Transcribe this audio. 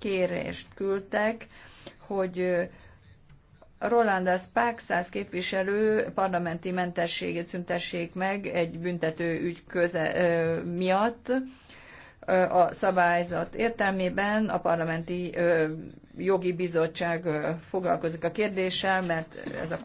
kérést küldtek, hogy Rolandas Pákszász képviselő parlamenti mentességét szüntessék meg egy büntető ügy köze, ö, miatt a szabályzat értelmében a parlamenti jogi bizottság foglalkozik a kérdéssel, mert ez a